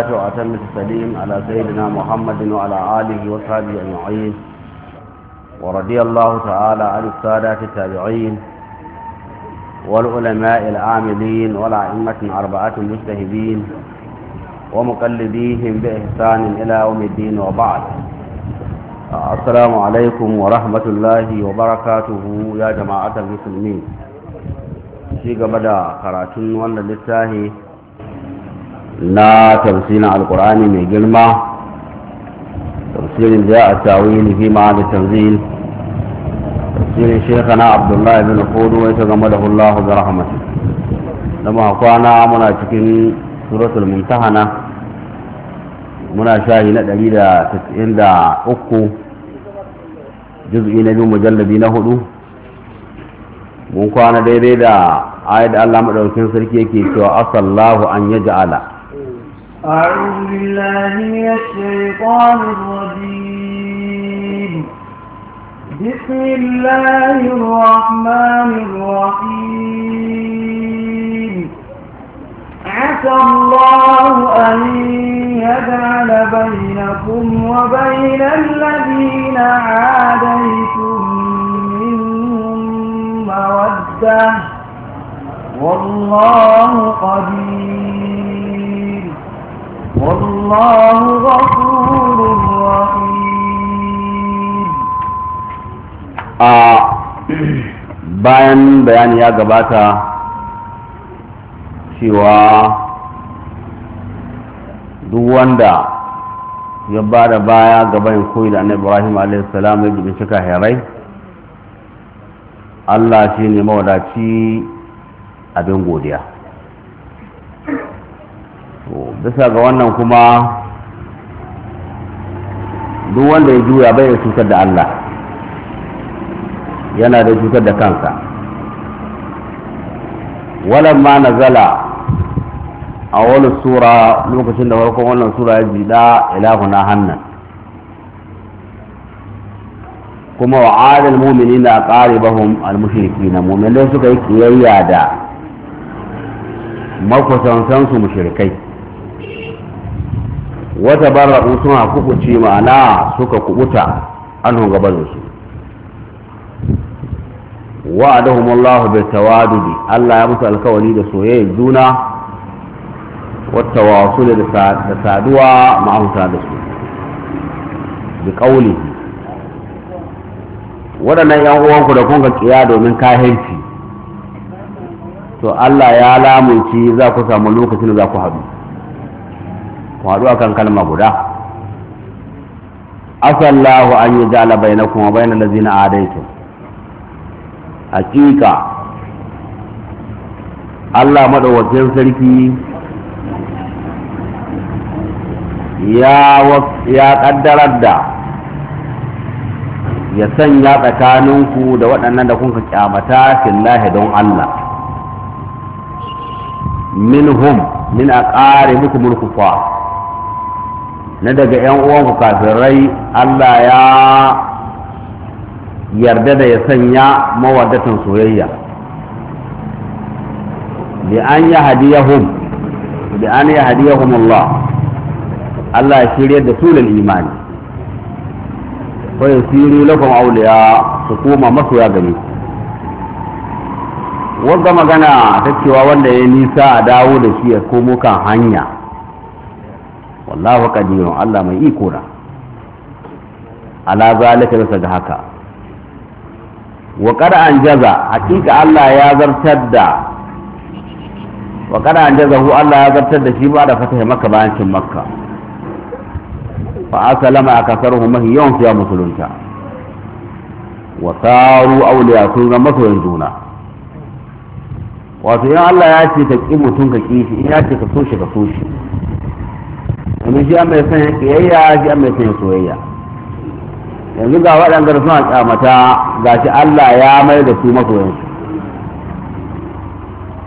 الصلاة وأتم التسليم على سيدنا محمد وعلى آله وصحبه أجمعين ورضي الله تعالى عن السادة التابعين والعلماء العاملين والأئمة أربعة المجتهدين ومقلديهم بإحسان إلى يوم الدين وبعد السلام عليكم ورحمة الله وبركاته يا جماعة المسلمين في قبل قراتون ولا للتاهي na tafsirin alkur'ani mai girma tafsirin da a tawili fi ma'ana tanzil tafsirin shekana abdullahi bin kudu wai ta game da hullahu da rahmatu da kwana muna cikin suratul mumtahana muna shahi na 193 juz'i na biyu mujallabi na hudu mun kwana daidai da ayat Allah madaukakin sarki yake cewa asallahu an yaj'ala أعوذ بالله من الشيطان الرجيم بسم الله الرحمن الرحيم عسى الله أن يجعل بينكم وبين الذين عاديتم منهم مودة والله قدير والله غفور رحيم bayan bayani ya gabata cewa duk wanda ya ba da baya gaban koyi da annabi ibrahim alaihissalam ya dubi cika herai allah shi ne mawadaci abin godiya bisa ga wannan kuma duk wanda ya juya bai da cutar da Allah yana da cutar da kansa na nazala a wani sura lokacin da farkon wannan sura ya jida ilahuna hannan kuma wa adal mumini na ƙaribahun almushirki na muminai suka yi kiyayya da makwasansansu mushirikai wata barra'u suna kubuce ma'ana suka kubuta anhu gabaninsu wa'adahum Allah bil tawadudi Allah ya mutu alkawari da soyayyar juna wata wasu da saduwa ma'auta da su bi kauli waɗannan yan uwanku da kunga kiya domin kahinci to Allah ya lamunci za ku samu lokacin da za ku haɗu a akan kalma guda asallahu an yi jala bainakum wa bainal ladzina adaitum hakika Allah madawacin sarki ya ƙaddarar da ya sanya tsakaninku da waɗannan da kuka kyamata fillahi don Allah minhum min ƙare al-kuffar na daga yan uwanku kafirai Allah ya yarda da ya sanya mawaddatan soyayya bi an ya hadiyahum bi an ya hadiyahum Allah Allah ya shirye da su lil imani fa siru lakum awliya su koma masoya gani wanda magana ta cewa wanda ya nisa a dawo da shi ya komo kan hanya wallahu qadirun Allah mai iko na ala zalika bisa ga haka wa an-jaza hakika Allah ya zartar da wa qad anjazahu Allah ya zartar da shi ba da fatahi makka bayan cin makka fa asalama akasaruhu mahi yawan musulunta wa saru awliya sun zama masoyan juna wato in Allah ya ce ka ƙi mutum ka ƙi shi in ya ce ka so shi ka so shi domin shi mai son kiyayya shi mai son soyayya yanzu ga waɗanda suna kyamata ga shi Allah ya mai da su masoyansu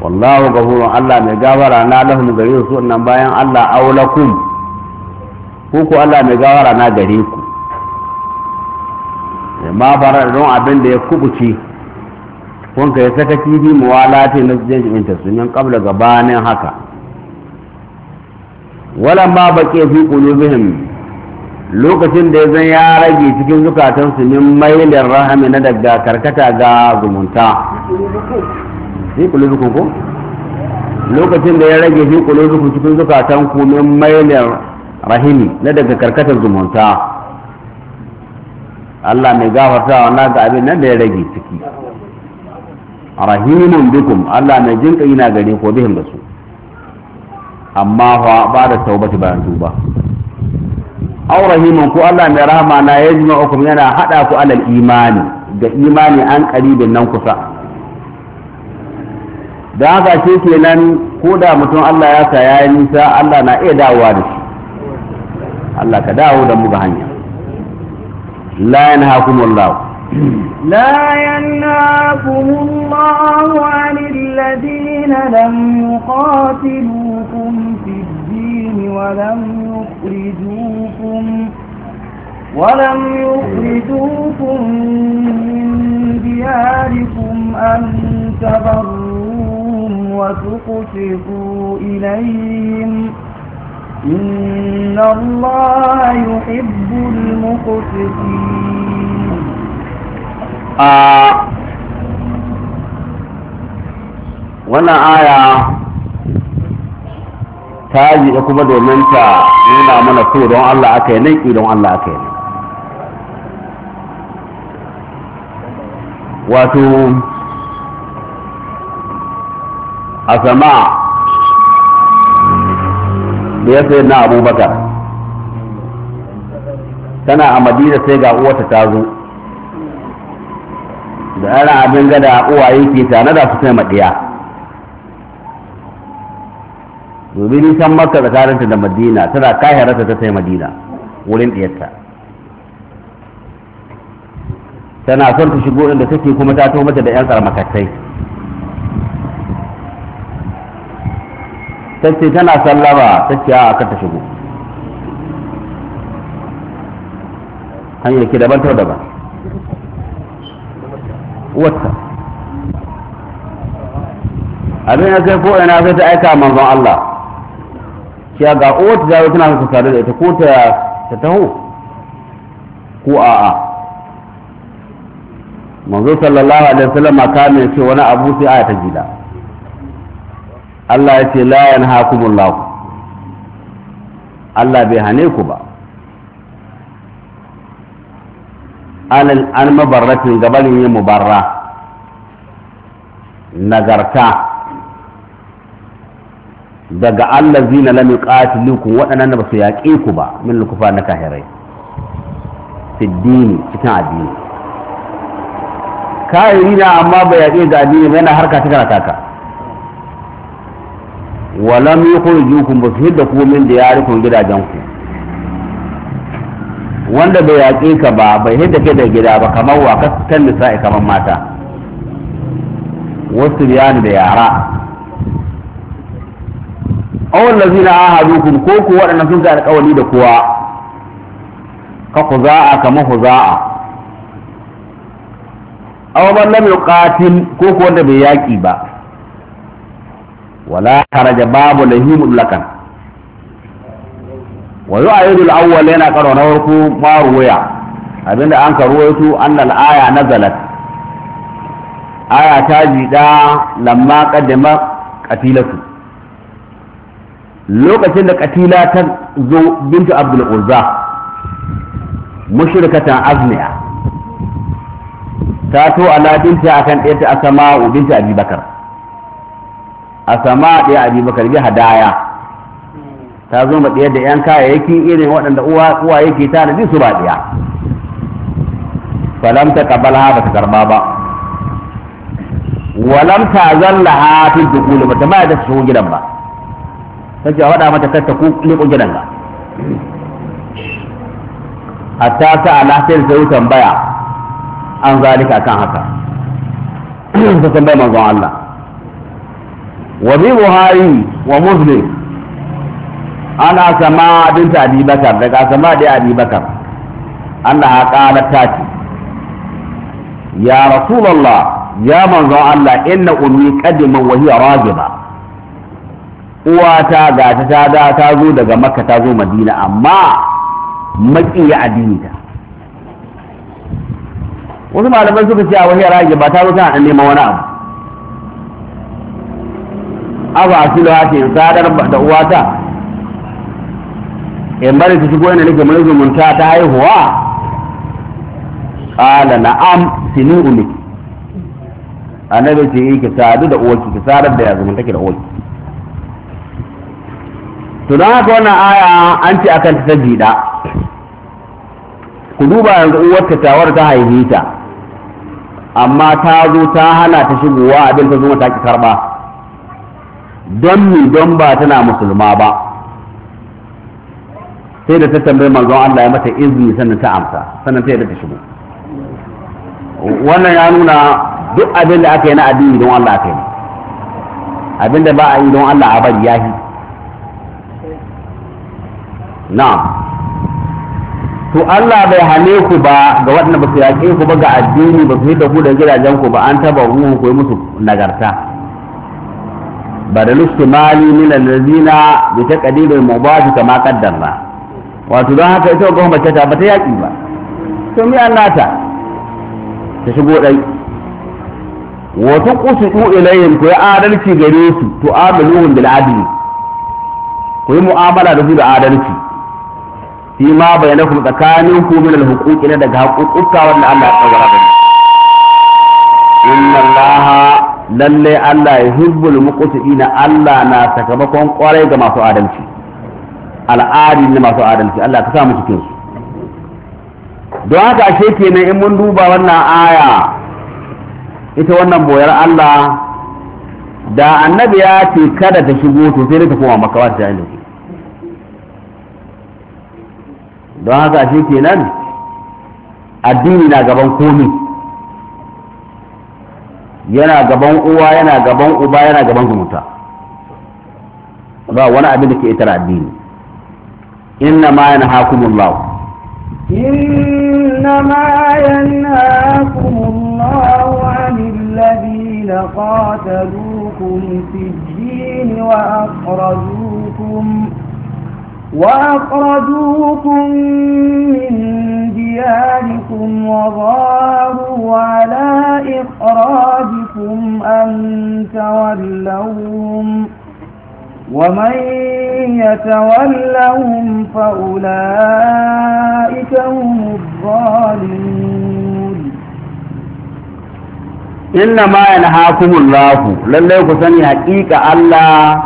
wallahu gafurun Allah mai gafara na lahum gare su nan bayan Allah aulakum ku ku Allah mai gafara na gare ku ma fara don abin da ya kubuce kun kai sakaci bi muwalati na jami'in ta sunan kabla gabanin haka walamma baƙi fi qulubihim lokacin da zan ya rage cikin zukatansu min mailin rahami na daga karkata ga zumunta fi qulubikum ko lokacin da ya rage fi qulubikum cikin zukatanku min mailin rahimi na daga karkatar zumunta Allah mai gafarta wa ga abin nan da ya rage ciki rahimun bikum Allah mai jinka ina gare ko bihim da su amma fa ba da taubati bayan tuba aw rahimun ko Allah mai rahama na yajma'ukum yana hada ku alal imani ga imani an qaribin nan kusa da haka shi kenan ko da mutum Allah ya sa yayi nisa Allah na iya dawowa da shi Allah ka dawo da mu ga hanya la yanhakumullahu لا ينهاكم الله عن الذين لم يقاتلوكم في الدين ولم يخرجوكم ولم يخرجوكم من دياركم أن تبروهم وتقسطوا إليهم إن الله يحب المقسطين wannan aya ta yi da kuma domin ta nuna mana so don Allah aka yi nan don Allah aka yi wato a sama da ya sai na abubakar tana a madina sai ga uwata ta zo da ana abin gada uwaye ke tana da su taimaka ɗiya domin nisan maka tsakaninta da madina tana kahirarta ta sai madina wurin ɗiyarta tana son ta shigo inda take kuma ta to mata da 'yan tsarmakatai ta ce tana sallama ta ce a kan ta shigo hanyar ke daban ta daban wata abin ya sai ko ina sai ta aika manzon Allah a ga uwata jawo tana son ta sadu da ita ko ta ta taho ko a'a manzo sallallahu alaihi wasallam kamin ce wani abu sai aya ta gida Allah ya ce la yanhakumullahu Allah bai hane ku ba alal an mabarratin gabanin yin mubarra nagarta daga allazi na lamu qatilukum waɗannan da ba su yaƙe ku ba min lukufa na kahirai fiddini cikin addini kayan na amma ba yaƙe ga addini ba yana harka ta karataka walam yukhrijukum ba su hidda ku min diyarikum gidajen ku wanda bai yaƙe ka ba bai hidda ke da gida ba kamar wa ka kan nisa'i kamar mata wasu biyani da yara awon lazi na ahadukum ko ku waɗannan sun ga alƙawari da kuwa ka ku za'a kamar ku za'a aw man lam yuqatil ko ku wanda bai yaƙi ba wala haraja babu lahimu lakan wa yu'ayidu al-awwal yana karo na farko ma wuya, abinda an karuwaito annal aya nazalat aya ta jiɗa, lamma qaddama qatilatu lokacin da katila ta zo bintu abdul uzza mushrikatan azmiya ta to ala binta akan ɗaya ta asama binta abubakar asama ɗaya abubakar bi hadaya ta zo ma da 'yan kayayyakin irin waɗanda uwa uwa yake ta da su ba ɗiya falam ta kabala ba ta karba ba walam ta zalla ha fi dukulu ba ta ma da su gidan ba ta ce waɗa mata kanta ku liƙo gidan ga hatta ta ala sai da tambaya an zalika kan haka ta tambaya manzon Allah wa bi buhari wa muslim ana sama binta abubakar daga sama da abubakar ya qalat tati ya rasulullah ya manzo Allah inna ummi qadima wa hiya rajiba uwata ga ta ta da ta zo daga makka ta zo madina amma ya addini ta wasu malaman suka ce a wahiyar rajiba ta zo tana neman wani abu abu a silo ce sadar da uwata in bari ta shigo yana nake mai zumunta ta haihuwa ƙala na'am sinu na annabi ce yi eh, ki sadu da uwaki ki sadar da ya zumunta ki da uwaki to don haka wannan aya an ce akan ta jida ku duba yanzu uwarta tawar ta haihi ta amma ta zo ta hana ta shigowa abin ta zuma ta ki karba don ni don ba tana musulma ba sai da ta tambayi manzon Allah ya mata izini sannan ta amsa sannan ta yadda ta shigo wannan ya nuna duk abin da aka yi na addini don Allah aka yi abin da ba a yi don Allah a bari yahi na'am to Allah bai hane ku ba ga wadanda ba su yaƙe ku ba ga addini ba su hita ku da gidajen ku ba an taba ruhun ku yi musu nagarta بدل الشمال من الذين بتقدير المضاف كما ba. wato don haka ita gwamnati mace ta ba ta yaƙi ba to mi nata ta shigo dai wa tuqsitu ilayhim ku ya adalci gare su to amaluhum bil adli ku yi mu'amala da su da adalci fi ma na tsakanin ku min al na daga haƙuƙuka wanda Allah ya tsawara gare inna Allah lalle Allah yuhibbul muqsitina Allah na sakamakon kwarai ga masu adalci al'adin na masu adalci Allah ka mu cikin su don haka ashe kenan in mun duba wannan aya ita wannan boyar Allah da annabi ya ce kada ta shigo to sai ta koma makawa ta jahilin don haka ashe kenan addini na gaban komi yana gaban uwa yana gaban uba yana gaban zumunta ba wani abin da ke itar addini إنما ينهاكم الله إنما ينهاكم الله عن الذين قاتلوكم في الدين وأخرجوكم وأخرجوكم من دياركم وظاهروا على إخراجكم أن تولوهم ومن يتولهم فأولئك هم الظالمون إنما ينهاكم الله لله سني حقيقة الله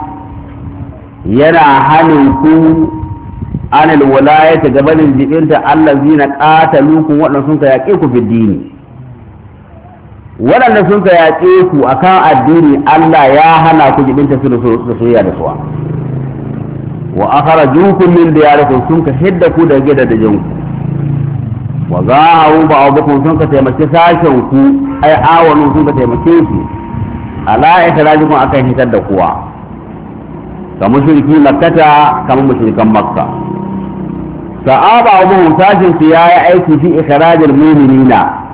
ينا حنكم عن الولاية قبل الجبنة الذين قاتلوكم سنك يكيكم في الدين waɗanda sun ka yaƙe ku a kan addini Allah ya hana ku jibinta su da soyayya da suwa wa akhara jukun min diyarikum sun ka hidda ku da gida da ku wa zaharu kun sun ka taimaki sashen ku ai awanu sun ka taimake su ala a kan hitar da kuwa ka mushriki makkata kamar mushrikan makka sa'aba wa sashin su yayi aiki fi ikhrajil mu'minina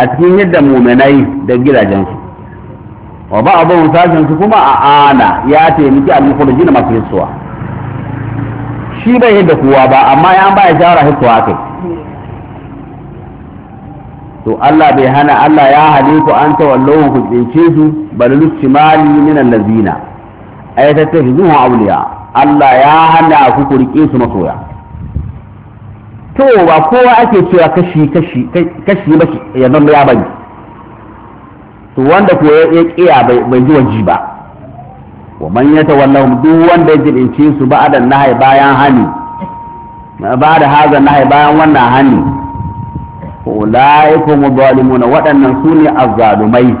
a cikin yadda muminai da gidajensu wa ba abun sashen su kuma a ana ya taimaki a mukhriji na masu hissuwa shi bai yadda kowa ba amma ya ba ya shawara hissuwa kai to Allah bai hana Allah ya hade ku an tawallahu ku tsince su bal lustimali min allazina ayatatu hizuhu awliya Allah ya hana ku ku su masoya to ba kowa ake cewa kashi kashi kashi ba ya zama ya bani to wanda ko ya kiya bai ji waji ba wa man yatawallahum duk wanda ya jibince su ba da nahi bayan hani ba da haza nahi bayan wannan hani ulaikum zalimuna waɗannan su ne azzalumai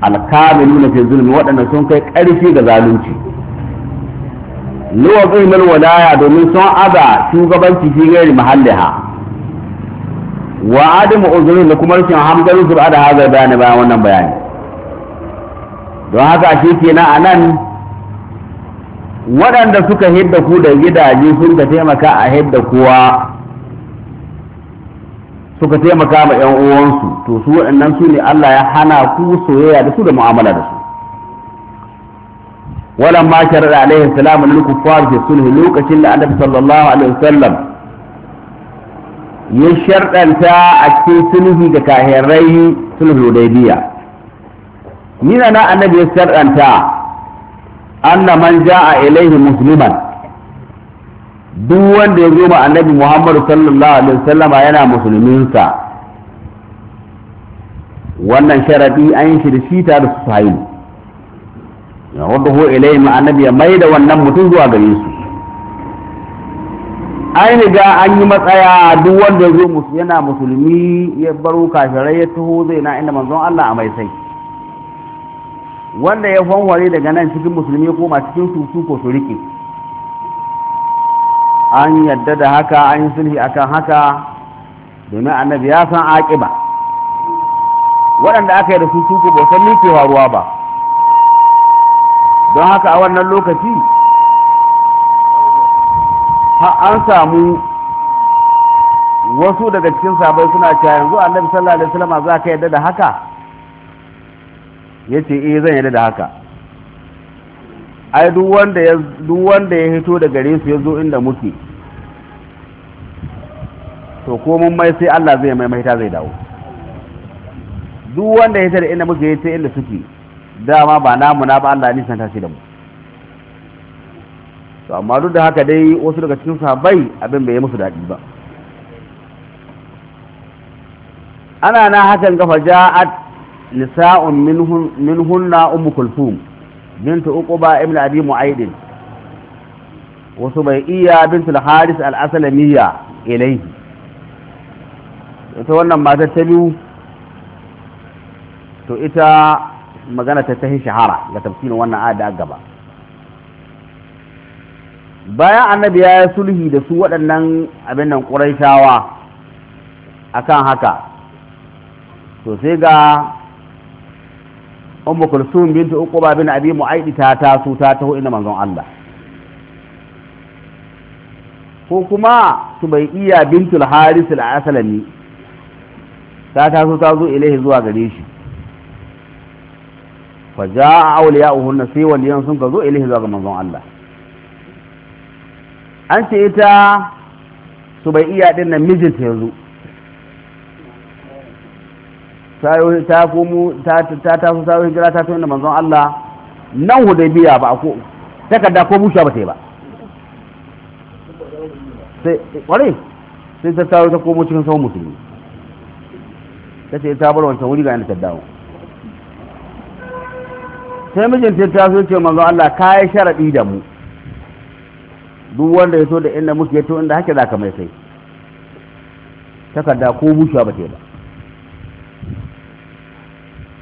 alkamiluna fi zulmi waɗannan sun kai ƙarfi ga zalunci luwa ɓulmar wadaya domin sun aza shugabanci fi gairi ha, wa adamu uzurin da kuma rashin hamzarin su da hazar bayani bayan wannan bayani don haka shi kenan a nan waɗanda suka hidda ku da gidaje sun ka taimaka a hidda kuwa suka taimaka ma 'yan uwansu to su waɗannan su ne Allah ya hana ku soyayya da su da mu'amala da su ولما شرع عليه السلام للكفار في الصلح لوكا شل النبي صلى الله عليه وسلم يشرع أنت أكثر صلحي ككاهريه صلح الوديبية من أنا النبي يشرع أنت أن من جاء إليه مسلما duk wanda ya zo ma annabi Muhammadu sallallahu alaihi wasallama yana musulminsa wannan sharadi an yi shi da shi tare da su sahibi yarduhu ilayhi ma annabi ya maida wannan mutum zuwa gare su aini ga an yi matsaya duk wanda zo musu yana musulmi ya baro kafirai ya taho zai na inda manzon Allah a mai sai wanda ya fanware daga nan cikin musulmi ya koma cikin su ko su an yadda da haka an yi sulhi akan haka domin annabi ya san aƙiba waɗanda aka yi da su su ko ba san me ke faruwa ba don haka a wannan lokaci an samu wasu daga cikin sabai suna cewa yanzu annabi sallallahu alaihi wasallam za ka yadda da haka yace eh zan yadda da haka ai duk wanda ya duk wanda ya hito da gare su yazo inda muke to ko mun mai sai Allah zai mai mai ta zai dawo duk wanda ya hito da inda muke yace inda suke dama ba namu na ba Allah ne santa shi da mu to amma duk da haka dai wasu daga cikin sahabbai abin bai yi musu daɗi ba ana na hakan gafa ja'at nisa'un minhun minhunna ummu kulthum bint uquba ibn abi mu'aid wa subayya bint al-haris al-aslamiyya ilayhi ita wannan matar ta biyu to ita magana ta tahi shahara ga tafsirin wannan ayat da gaba bayan annabi ya sulhi da su waɗannan abin nan ƙuraishawa akan haka to sai ga ummu kulsum bintu uquba bin abi mu'aidi ta taso ta taho inda manzon Allah ko kuma iya bintul haris al-aslami ta taso ta zo ilaihi zuwa gare shi fa jaa awliya'uhunna sai waliyan sun ka zo ilahi zuwa ga manzon Allah an ce ita su bai iya din nan mijinta yanzu ta komo ta taso ta hijira ta tona manzon Allah nan hudaybiya ba ko takarda ko busha ba ta yi ba sai ware sai ta tawo ta komo cikin sahun musulmi ta ce ta bar wancan wuri ga yana ta dawo sai mijinta ta so ce manzo Allah ka yi sharadi da mu duk wanda ya so da inda muke yato inda hake za ka mai sai takarda ko bushewa ba ke yi ba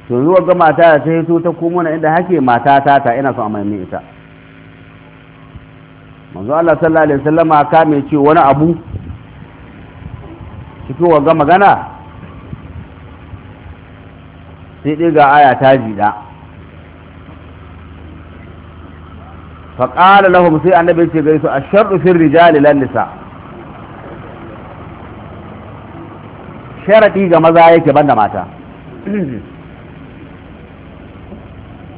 to zuwa ga mata da ta hito ta komo na inda hake mata ta ta ina son amanni ita manzo Allah sallallahu alaihi wasallama ka mai ce wani abu cikin wa ga magana sai dai ga aya ta jida faƙala lahum sai annabi ce gaisu a sharɗu fin rijali lan nisa sharaɗi ga maza yake banda mata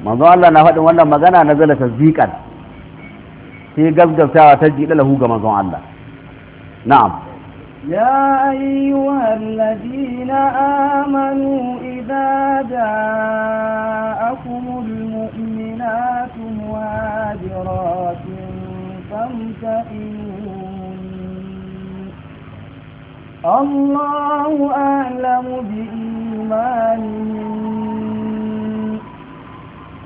manzo Allah na faɗin wannan magana na zala tasdiqan sai gaggabtawa ta jiɗa lahu ga manzon Allah na'am يا أيها الذين آمنوا إذا جاءكم قادرات فامتئنون الله أعلم بإيمانهم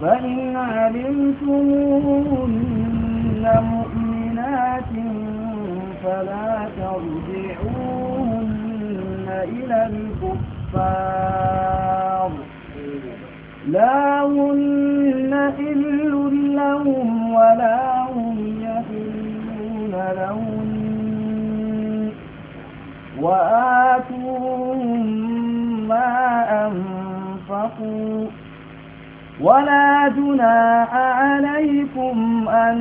فإن علمتمون مؤمنات فلا ترجعوهن إلى الكفار لا هن إلا لهم ولا هم يحلون لهم وآتوهم ما أنفقوا ولا جناح عليكم أن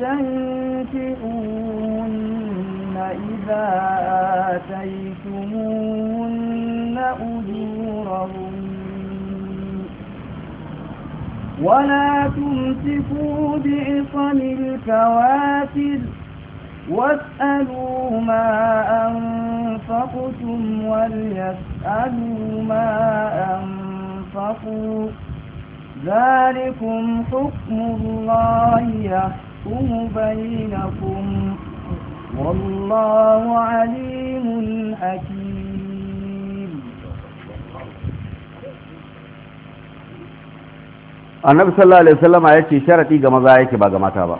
تنكئون إذا آتيتمون أجورهم ولا تمسكوا بعصم الكوافر واسألوا ما أنفقتم وليسألوا ما أنفقوا ذلكم حكم الله يحكم بينكم والله عليم حكيم annabi sallallahu alaihi wasallam ya ce sharadi ga maza yake ba ga mata ba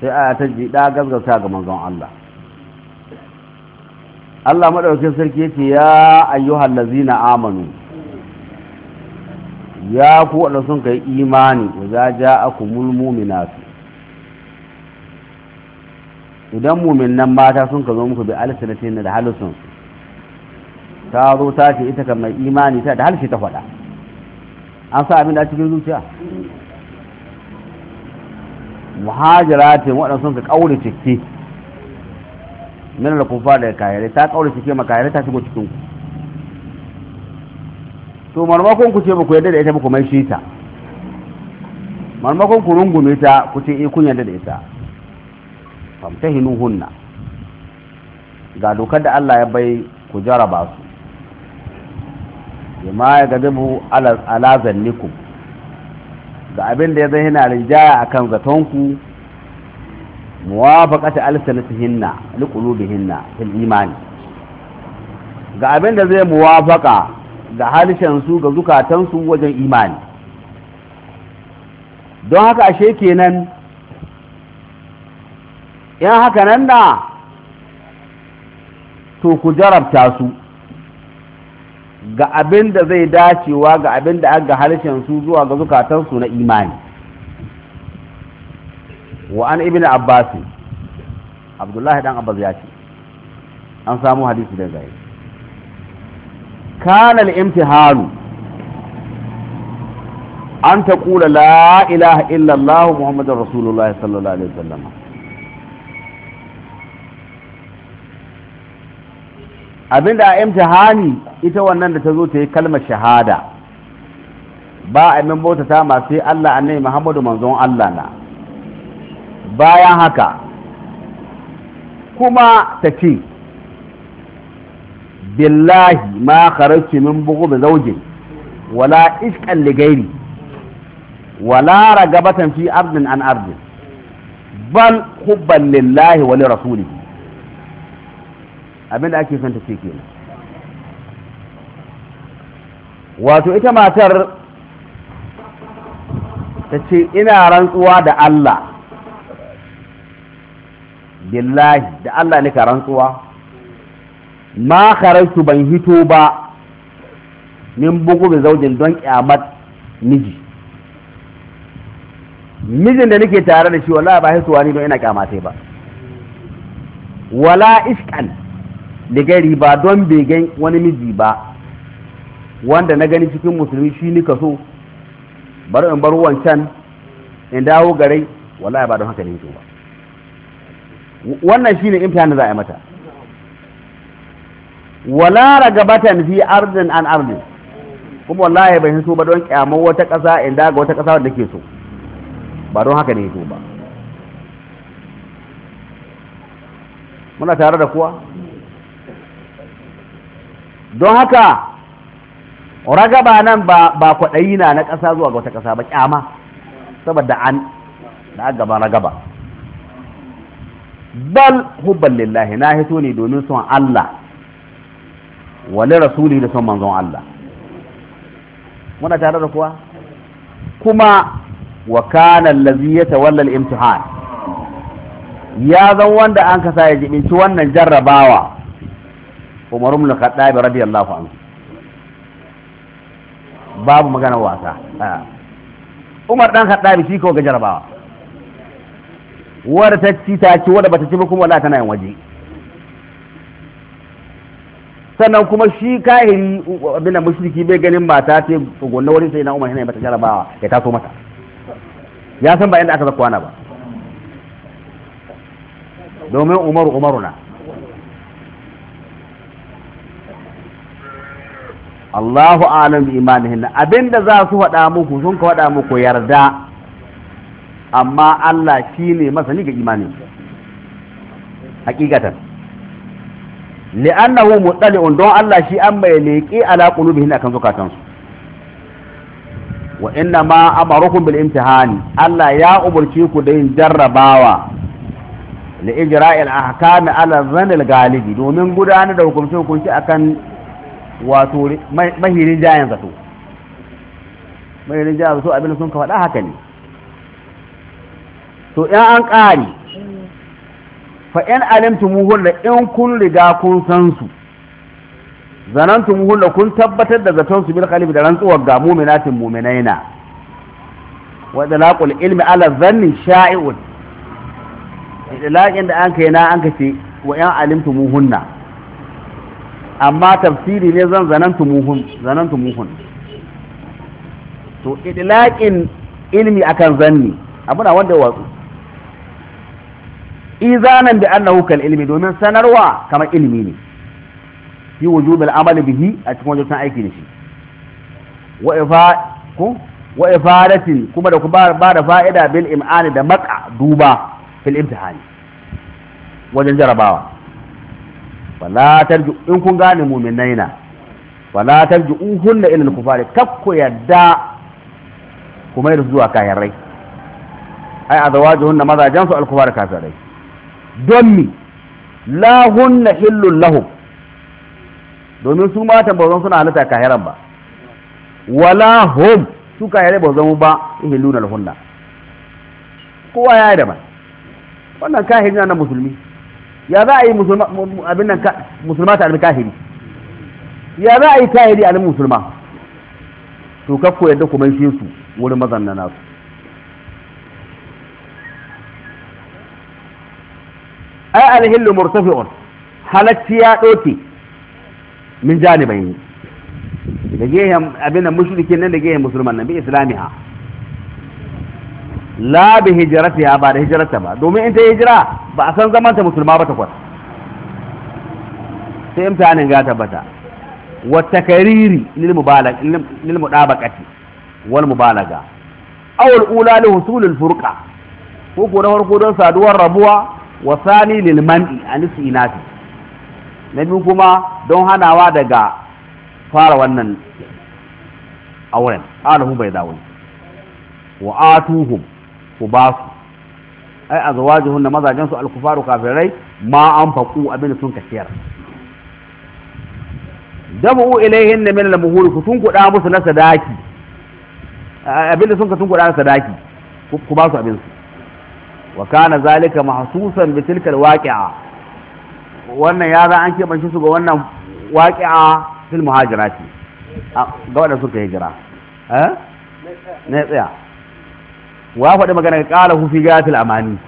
sai aya ta ji da gaskata ga manzon Allah Allah madaukakin sarki ce ya ayyuhal ladzina amanu ya ku wanda sun kai imani aku ja'akumul mu'minatu idan mu'minan mata sun ka zo muku bi alsanatin da halusun ta zo ta ce ita kan mai imani ta da halshi ta faɗa an sa abin da a cikin zuciya muhajira ce sun ka ƙaure ciki min da fara da kayarai ta ƙaure ciki ma kayarai ta shigo cikin ku to marmakon ku ce ba ku yadda da ita ba ku mai shi ta marmakon ku rungume ta ku ce eh kun yadda da ita famtahinu hunna ga dokar da Allah ya bai ku jaraba su bima ya dubu ala zannikum ga abin da ya zai yana rinjaya kan zatonku muwafaqata da hinna fil imani ga abin da zai muwafaqa ga halishan su ga zukatan wajen imani don haka ashe kenan in haka nan da to ku jarabta su ga abin da zai dacewa ga abin da aga harshen su zuwa ga zukatansu na imani wa an ibn abbas abdullahi dan abbas ya ce an samu hadisi daga zai kana al-imtihanu an taqula la ilaha illa allah muhammadur rasulullah sallallahu alaihi wasallam abinda a imtihani ita wannan da ta zo ta yi kalmar shahada ba a min ta masu Allah annai Muhammadu manzon Allah na bayan haka kuma ta ce billahi ma kharajtu min bugu bi zawjin wala ishqan li ghairi wala ragabatan fi ardin an ardin bal hubban lillahi wa li rasulihi Abin da ake son ta ce kenan wato ita matar ta ce ina rantsuwa da Allah billahi da Allah nika rantsuwa ma kharaitu ban hito ba min bugu da zaujin don kyamat miji mijin da nake tare da shi wallahi ba hitowa ni don ina kyamatai ba wala iskan ligari ba don begen wani miji ba wanda na gani cikin musulmi shi ni kaso bari in bar wancan in dawo garai, wallahi ba don haka ne ba wannan shi ne imtihan za a yi mata wala ragabatan fi ardin an ardin kuma wallahi bai so ba don kyamar wata ƙasa in daga wata ƙasa wanda ke so ba don haka ne so ba muna tare da kuwa don haka ragaba nan ba ba kwaɗayi na na ƙasa zuwa ga wata ƙasa ba ƙyama saboda an na gaba ragaba bal hubban lillahi na hito ne domin son Allah wani rasuli da son manzon Allah muna tare da kuwa kuma wa kana allazi yatawalla al-imtihan ya zan wanda an kasa ya jibinci wannan jarrabawa umar ibn khattab radiyallahu anhu babu magana wasa umar dan khattab shi ko ga jarabawa wadda ta ci ta ci wadda bata ci ba kuma wala tana yin waje sannan kuma shi kahiri abinda mushriki bai ganin mata ce gonna wurin sai na umar yana bata jarabawa ya taso mata ya san ba inda aka zakwana ba domin umaru umaru na Allahu alam bi imanihin abinda za su faɗa muku sun ka faɗa muku yarda amma Allah shi ne masani ga imanin hakikatan li'annahu muttali'un don Allah shi an mai leƙi ala qulubihim akan zukatansu wa inna ma amarukum bil imtihani Allah ya umarci ku da yin jarrabawa li ijra'il ahkami ala dhanil galibi domin gudanar da hukunci hukunci akan wato mahirin jayan zato mahirin jayan zato abin sun ka faɗa haka ne to in an ƙari fa in alimtu da in kun riga kun san su zanantu da kun tabbatar da zaton su bil khalif da rantsuwar ga mu'minatin mu'minaina wa dalaqul ilmi ala dhanni sha'i'un idlaqin da an kai na an kace wa in alimtu muhunna amma tafsiri ne zan zanantu muhun zanantu muhun to idlaqin ilmi akan zanni abuna wanda ya watsu izanan da annahu kal ilmi domin sanarwa kamar ilmi ne fi wujubil amali bihi a cikin wajen aiki da shi wa ifa ku wa ifadatin kuma da ku ba da fa'ida bil im'ani da maka duba fil imtihani wajen jarabawa wala tarju in kun gane mu'minai na wala tarju hunna ila al-kufari kakku yadda kuma yar zuwa kafirai ai azwajuhunna mazajansu al-kufari kafirai don mi la hunna hillul lahu domin su matan bazan suna halitta kayan ba wala hum su kafirai ba zama ba hilluna lahunna kowa ya yi daban wannan kahin na musulmi ya za a yi abin nan musulma ta almi kahiri ya za a yi kahiri almi musulma to kakko yadda kuma shi su wurin mazan na nasu ai alhillu murtafi'un halacci ya ɗoke min janibai ne da gehen abin nan mushrikin nan da gehen musulman nan bi islamiya. la bi ya ba da hijrata ba domin in ta hijira ba a san zamanta musulma ba ta kwat sai imtihanin ga tabbata wa takariri lil mubalag lil mudabaqati wal mubalaga aw ula li husul al furqa ko ko na farko don saduwar rabuwa wa sani lil man'i anisi inati na biyu kuma don hanawa daga fara wannan auren alahu bai dawo wa atuhum ku ba su ai azwajuhun na mazajen su alkufaru kafirai ma an faku abin sun kaciyar dabu ilaihin na min al-muhuri ku tun kuɗa musu na sadaki abin da sun ka tun kuɗa na sadaki ku ba su abin su wa kana zalika mahsusan bi tilka al-waqi'a wannan ya za an keɓance su ga wannan waqi'a fil muhajirati ga waɗanda suka hijira eh ne tsaya wa faɗi magana ƙala hufi gatil amani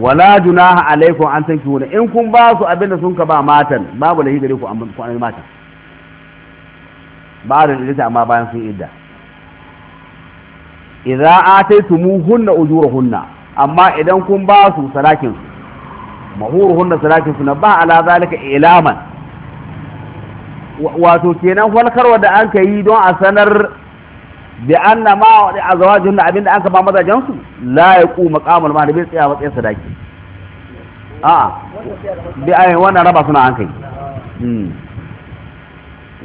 wala junaha alaikum an tanki wuna in kun ba su abinda sun ka ba matan babu lahi gare ku an matan ba da idda amma bayan sun idda idza ataytumuhunna ujurahunna amma idan kun ba su sarakin su mahuruhunna sarakin su na ba ala zalika ilaman wato kenan falkarwa da an ka yi don a sanar bi anna ma wa azwajun da abinda an ka ba mazajen su la yaqu maqamul da bai tsaya matsayin sadaki a bi ai wannan raba suna an kai hmm.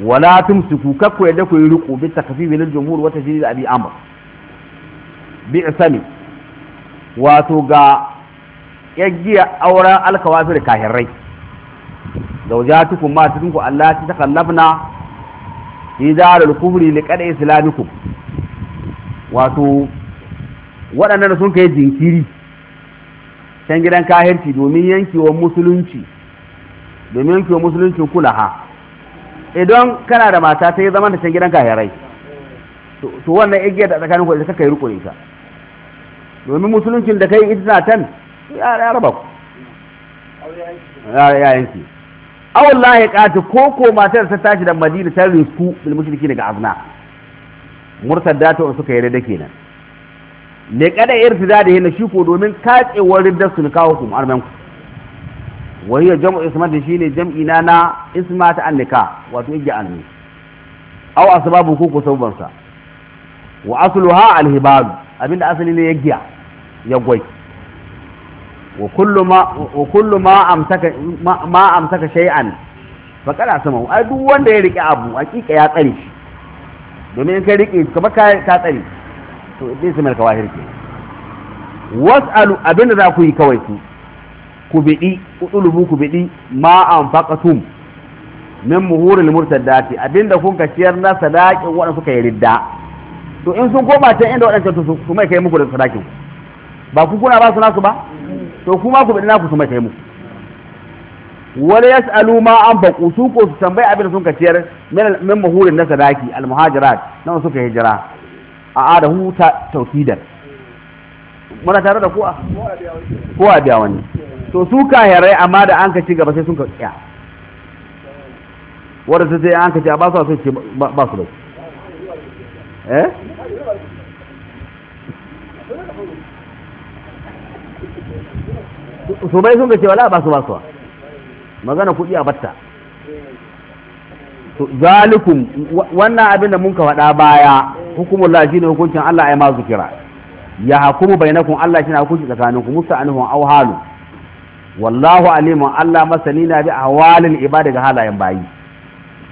wala tumsiku kakku yadda ku yi riko bi takfifi lil jumhur wa tajrid abi amr bi isami wato ga yaggiya auren alkawafir kahirrai zaujatukum ma tudunku allati takallafna fi kubri li liqad islamikum wato waɗannan sun kai jinkiri can gidan kahirci domin yankewa musulunci domin yankewa musulunci kulaha idan kana da mata sai zama da can gidan kahirai to wannan igiyar da tsakanin kuɗi kakai rukunin ita domin musuluncin da kai ita can ya raba ku ya yanki awon lahi kati ko ko matar ta tashi da madina ta risku bil mushriki daga azna murtaddatu suka yi da kenan ne kada irtida da hina shi ko domin katsewar riddar su kawo kuma armen ku wa hiya jam'u isma da shine jam'i na na isma ta annika wato yake almi aw asbabu ko ko sauban sa wa asluha alhibal abinda asali ne yagiya yagwai wa kullu ma wa kullu ma amsaka ma amsaka shay'an fa kana sama ai duk wanda ya rike abu hakika ya tsare shi domin kai riƙe kamar ka tsare to ibn ismail wahir ke was'alu abinda za ku yi kawai ku ku bidi utulubu ku bidi ma anfaqatum min muhuril murtadati abinda kun ka ciyar na sadaqin wanda suka yi ridda to in sun koma ta inda wadancan to su mai kai muku da sadaqin ba ku kuna ba su nasu ba to kuma ku bidi naku su mai kai muku wala yas'alu ma an baqu su ko su tambayi abin da sun kaciyar min mahurin na sadaki al muhajirat nan suka hijira a adahu ta taukidan muna tare da kowa kowa biya wani to su kahirai amma da an ka ci gaba sai sun ka tsaya wanda su sai an ka ci ba su sun ce ba su da eh su bai sun ka ce wala ba su ba su magana kuɗi a batta zalikum wannan abin da mun ka faɗa baya hukumul lahi ne hukuncin Allah ai ma zikira ya hakumu bainakum Allah shi na hukunci tsakaninku musa anhu aw halu wallahu alimun Allah masani na bi ahwalil ibada ga halayen bayi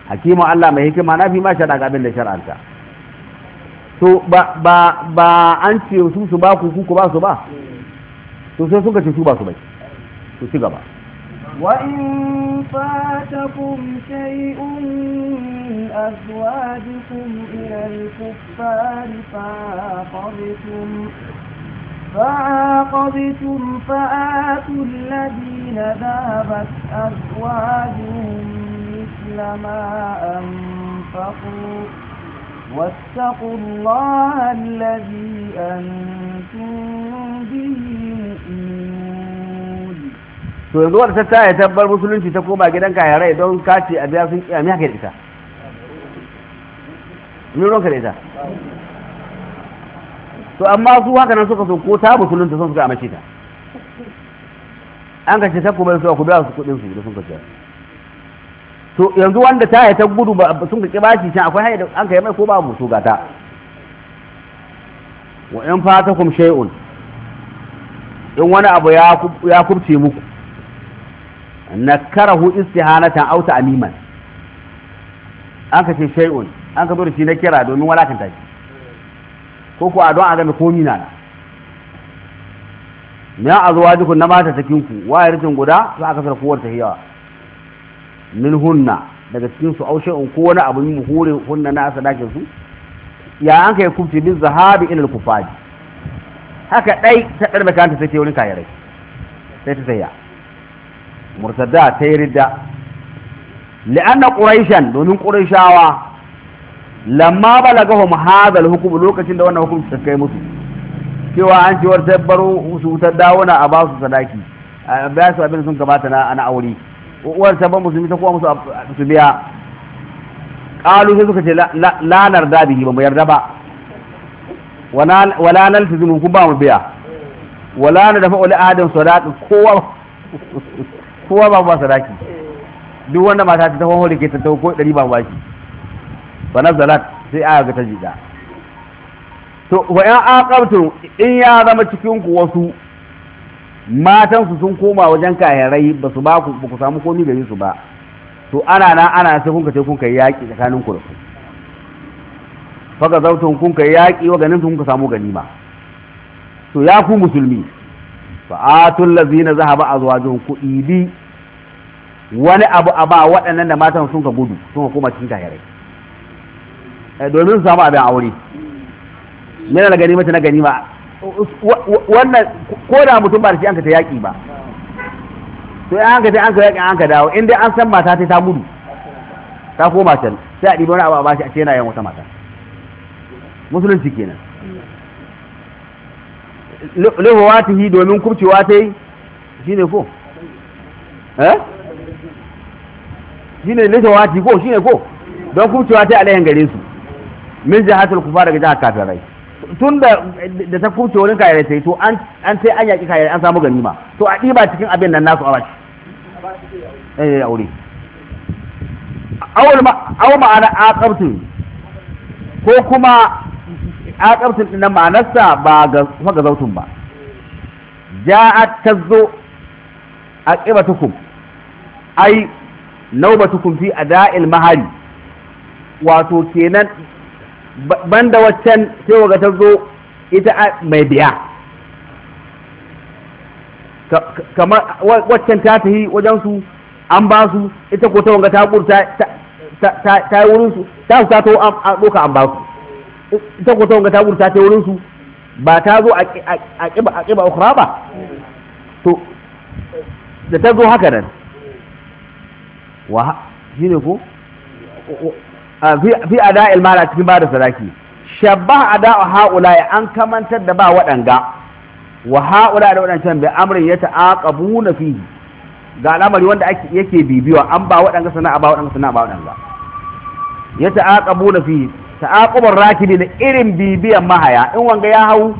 hakimu Allah mai hikima na fi ma shara ga abin da shar'anta to ba ba ba an ce su su ba ku ku ba su ba to sai suka ce su ba su bai to ci gaba وإن فاتكم شيء من أزواجكم إلى الكفار فعاقبتم فعاقبتم فآتوا الذين ذهبت أزواجهم مثل ما أنفقوا واتقوا الله الذي أنتم به مؤمنون to yanzu wata ta yi tabbar musulunci ta koma gidan rai don kace a biya sun kiyami haka da ita ni ronka da ita to amma su haka nan suka so ko ta musulunta sun suka amince ta an kace ta kuma su ku biya su kudin su da sun kace to yanzu wanda ta ta gudu ba sun ka shi can akwai hanyar an kai mai ko babu su gata wa in fatakum shay'un in wani abu ya kubce muku nakarahu istihanatan aw ta'miman aka ce shay'un an ka zo da shi na kira domin walakanta shi ko ko a don a ga ko mina na ya azwajukum na mata ku, wa yarjin guda za aka sarfa kowar tahiyawa min hunna daga cikin su aw shay'un ko wani abu min hore hunna na sadakin su ya an kai kufi bin zahabi ila kufaji haka dai ta da kanta take wurin kayarai sai ta tsaya murtada ta yi ridda li'anna quraishan domin qurayshawa lamma balagahum hadha al-hukm lokacin da wannan hukunci ta kai musu cewa an ciwar tabbaro su ta dawuna a basu sadaki a biya su abin sun gabata na ana aure uwar sabon musulmi ta kuma musu su biya qalu sai suka ce la narda bihi ba mu yarda ba wala naltazimu kun ba mu biya wala na dafa uli adam sadaka kowa kowa ba ba sadaki duk wanda mata ta tafi hori ke ta tafi ko ɗari ba ba ba na zalat sai aya ga ta jida to wa ƴan aƙabtu in ya zama cikin ku wasu matan su sun koma wajen kayarai ba su ba ku ba ku samu komi gare su ba to ana na ana sai kun ka ce kun kai yaƙi tsakanin ku da su faka zautun kun kai yaƙi, wa ganin kun ka samu ganima to ya ku musulmi fa'atul lazina zahaba azwajuhum kuɗi bi. wani abu a ba waɗannan da matan sun ka gudu sun ka koma cikin kahirai eh, domin su samu abin aure yana da ganimata na ganima wannan ko da mutum ba da shi an ka ta yaƙi ba to an ka ta an ka yaƙi an ka dawo in an san mata ta ta gudu ta koma can sai a ɗibi wani abu a shi a ce yana yan wata mata musulunci kenan yi domin kubcewa ta yi shi ne ko? eh? shi ne yi ko shi ne ko? don kubcewa ta yi alayyan gare su min jihatul kufa daga jihar kafirai tun da da ta kubce wurin kayar sai to an sai an yaƙi kayar an samu ganima to a ɗiba cikin abin nan nasu abaci eh aure awul ma aw ma'ana aqabtu ko kuma ɗin din ma'anarsa ba ga kuma ga zautun ba a ƙiba tukun ai tukun fi da'il mahari wato kenan banda waccan sai waga tazzo ita mai biya kamar waccan ta tafi wajen su an ba su ita ko ta wanga ta burta ta yi wurin su ta su ta to an doka an ba su ita ko ta ta gurta ta wurin su ba ta zo a ƙiba a ƙiba ukhra ba to da ta zo haka nan wa shine ko fi ada ilmala cikin ba da sadaki shabba ada haula an kamantar da ba waɗanga wa haula da waɗancan bai amrin ya na fihi ga al'amari wanda yake bibiwa an ba waɗanga sana'a ba waɗanga sana'a ba waɗanga ya na fihi ta'aqubar rakibi da irin bibiyan mahaya in wanga ya hau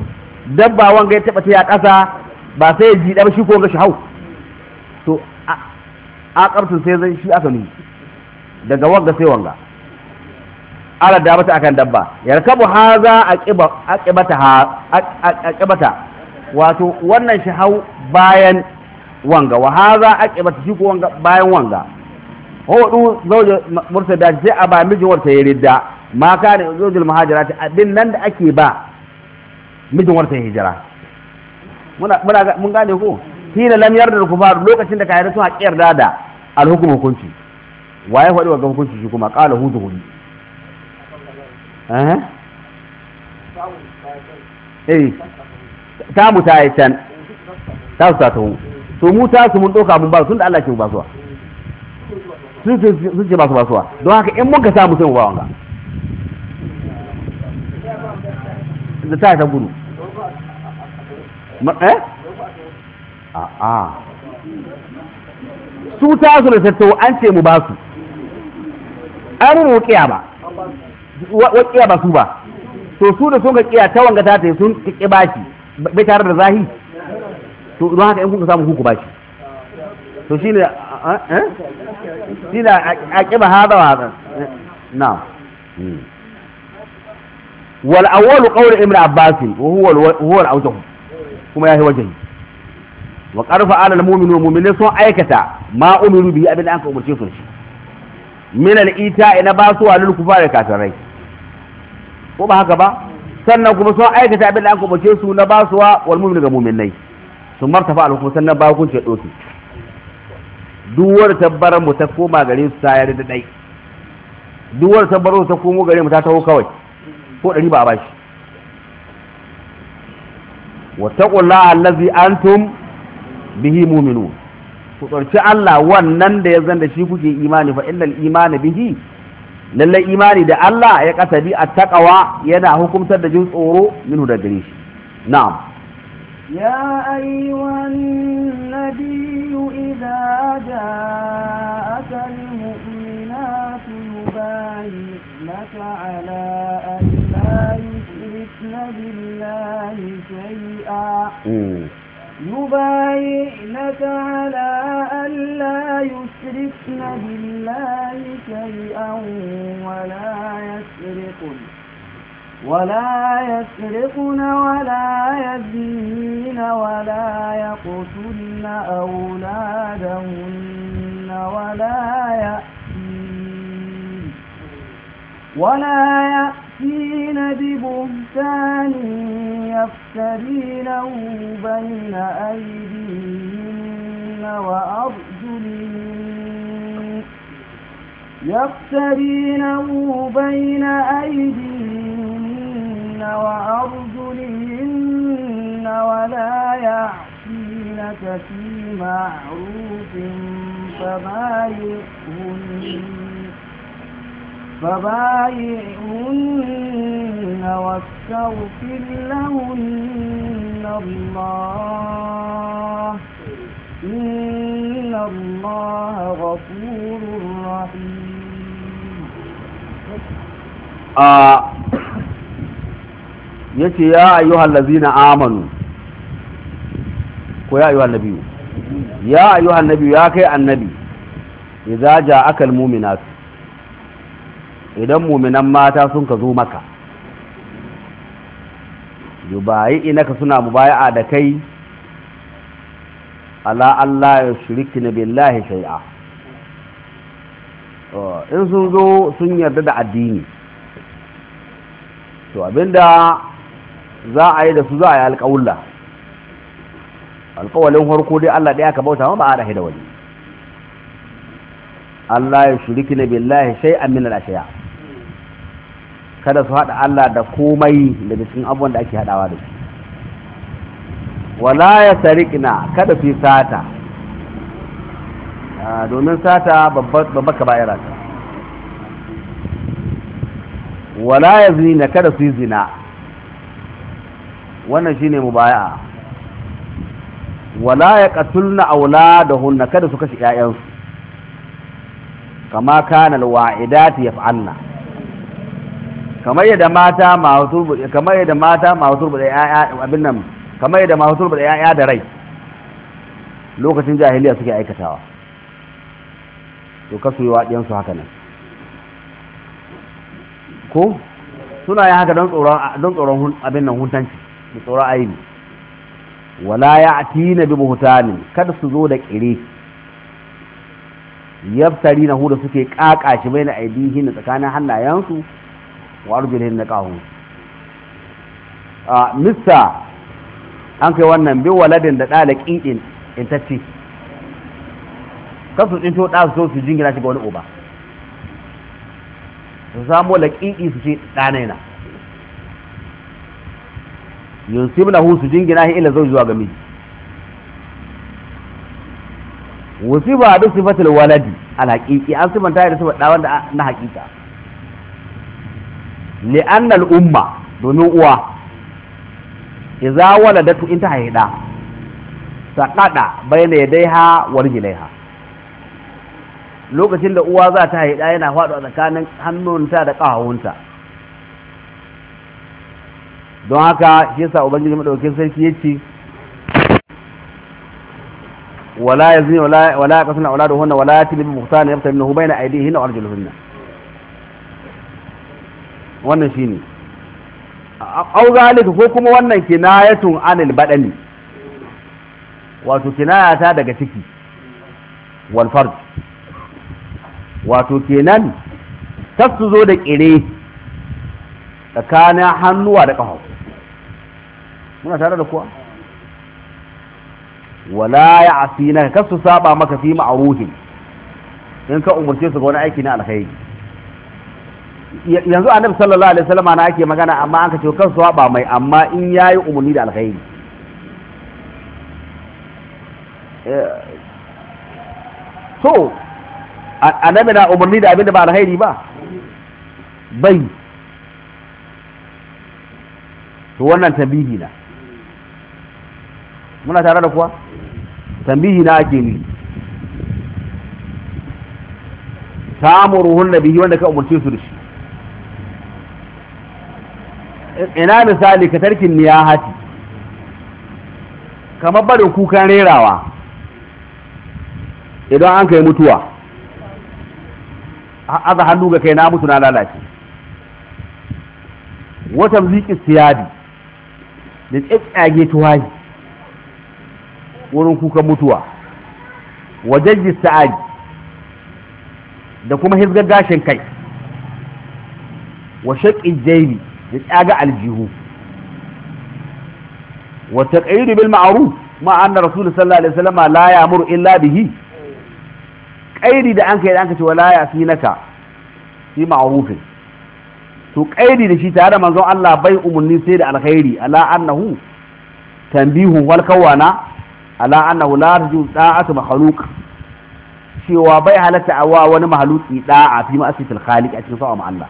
dabba wanga ya taba ta ya kasa ba sai ya jida ba shi ko ga shi hau to aqabtu sai zai shi aka nuni daga wanga sai wanga ala da bata akan dabba yarkabu haza aqiba aqibata aqibata wato wannan shi hau bayan wanga wa haza aqibata shi ko wanga bayan wanga hudu zauje murtada sai a ba miji wata ya ridda ma kana uzujul muhajirat abin nan da ake ba mijin warta hijira muna muna mun gane ko hina lam yarda da kufar lokacin da ka yarda suna yarda da alhukum hukunci waye faɗi wa hukunci shi kuma qala hu zuhuri eh eh ta mu ta yi ta su ta to to mu ta su mun doka mun ba tun da Allah ke ba suwa sun ce ba su ba suwa don haka in mun ka samu sai mu ba wanga da ta ta gudu eh a'a su ta su da tattau an ce mu ba su an kiya ba kiya ba su ba to su da sun ga kiya ta wanga ta ta sun ba baki bai tare da zahi to don haka in ka samu kuku baki to shine eh shine a kiba hada wa eh? na wal awwalu qawlu ibn abbas wa huwa huwa al kuma yahi wajhi wa qarfa ala al mu'minu mu'minu sun aikata ma umiru bihi abin an ka umarce shi min ita ina basu wa lil kufar kafirai ko ba haka ba sannan kuma sun aikata abin da an kubace su na basuwa wal ga mu'minai sun martafa al kuma sannan ba mu ta koma su ta yarda dai mu mu ta taho kawai ko ɗari ba a bashi wattaqullaha allazi antum bihi muminu. ku tsarci Allah wannan da ya zan da shi kuke imani fa illal imani bihi lalle imani da Allah ya kasabi attaqwa yana hukumtar da jin tsoro minhu da gare shi na'am يا أيها النبي إذا جاءك المؤمنات يبايعن ربك على أن لا يشركن بالله شيئا يبايعنك على أن لا يشركن بالله شيئا ولا يسرقن ولا يسرقن ولا يزنين ولا يقتلن أولادهن ولا يأتين ولا يأتين ببهتان يفترينه بين أيديهن وأرجلهن يفترينه بين أيديهن وأرجلهن ولا يعصينك في معروف فبايعهن فبايعهن واستغفر لهن الله إن الله غفور رحيم آه. يتي يا أيها الذين آمنوا ويا أيها النبي يا أيها النبي يا كي النبي إذا جاءك المؤمنات idan muminan mata sun ka zo maka yubayi inaka suna mubaya'a da kai ala Allah ya shiriki na billahi shai'a in sun zo sun yarda da addini to abinda za a yi da su za a yi alƙawulla alƙawalin harko dai Allah ɗaya ka bauta ma ba a da wani Allah ya shiriki na billahi shai'a min al-ashya' kada su haɗa Allah da komai daga cikin abubuwan da ake haɗawa da su wala ya sariƙina kada su yi sata ah, domin sata babba ka ba'ira ta wala ya zina kada su yi zina wannan shine baya. wala ya a qatulna auladahunna kada su kashe 'ya'yansu, kama kanal kana alwa'idati yaf'alna kamar yadda mata masu kamar yadda mata masu rubuta ƴaƴa abin nan kamar yadda masu rubuta ƴaƴa da rai lokacin jahiliya suke aikatawa to kasu yi waɗiyan su haka nan ko suna yin haka don tsoron don tsoron abin nan hutanci da tsoron aini wala ya na bi ne, kada su zo da kire yabtari na hu da suke kakashi bai na aidihin tsakanin hannayensu wa arjulihin na ƙahu a mista an kai wannan bin waladin da ɗalaƙi in intacci kan su tsinto ɗa su su jingina shi ga wani uba su samu laƙiƙi su ce ɗanaina yunsib na su jingina shi ila zai zuwa ga miji wasu ba a duk sifatul waladi alhaƙiƙi an sifanta da sifat ɗa wanda na haƙiƙa annal umma domin uwa idza waladatu in ta haida saqada bayna yadaiha wa rijlaiha lokacin da uwa za ta haida yana faɗo a tsakanin hannunta da ƙahawunta don haka shi yasa ubangiji madaukakin sarki yace wala yazni wala wala kasna wala hunna wala tilbi muhtana yabta minhu baina aydihinna wa arjuluhunna wannan shi au zalika ko kuma wannan kinayatun anil badani wato kinaya ta daga ciki wal wato kenan su zo da kire tsakanin hannuwa da ƙafa muna tare da kuwa wala ya asina kasu saba maka fi ma'ruhin in ka umarce su ga wani aiki na alkhairi yanzu annabi sallallahu alaihi wasallam na ake magana amma an ka ce kan ba mai amma in yayi umarni da alkhairi eh, to annabi na umarni da abin da ba alkhairi ba bai to wannan tambihi na muna tare da kuwa tambihi na ake ni ruhun nabi wanda ka umurce su da shi ina misali ka tarkin niyahati kamar barin kukan rerawa idan an kai mutuwa aza hannu ga kai na mutu na lalace wata zikin siyadi da tsakage tuwayi wurin kukan mutuwa wajen sa'adi da kuma hizgar gashin kai wa shaƙin jaibi. da tsaga aljihu wa taqayyud bil ma'ruf ma anna rasul sallallahu alaihi wasallam la ya'muru illa bihi qaidi da an kai da an ce wala yasinaka fi ma'rufin to qaidi da shi tare da manzon Allah bai umurni sai da alkhairi ala annahu tanbihu wal kawana ala annahu la tarju da'atu makhluq cewa bai halatta awa wani mahaluki da'a fi ma'asitil khaliq a cikin sa'a Allah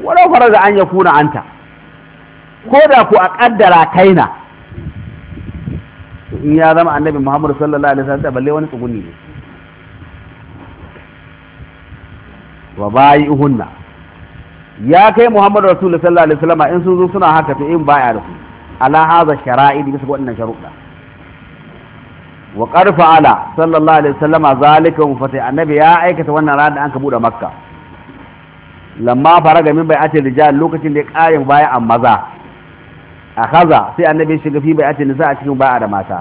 wadda farar da an ya kuna anta ko da ku a ƙaddara kaina in ya zama annabi muhammadu sallallahu alaihi wasallam balle wani tsuguni ne wa bayi uhunna ya kai muhammadu rasulullah sallallahu alaihi wasallam in sun zo suna haka to in baya da su ala hadha shara'id bisa wannan sharuɗa wa qad fa'ala sallallahu alaihi wasallam zalika mufati annabi ya aikata wannan ranar da an ka bude makka lamma fara ga min ace rijal lokacin da ya kare baya a maza a haza sai annabi shiga fi ace nisa a cikin bai'a da mata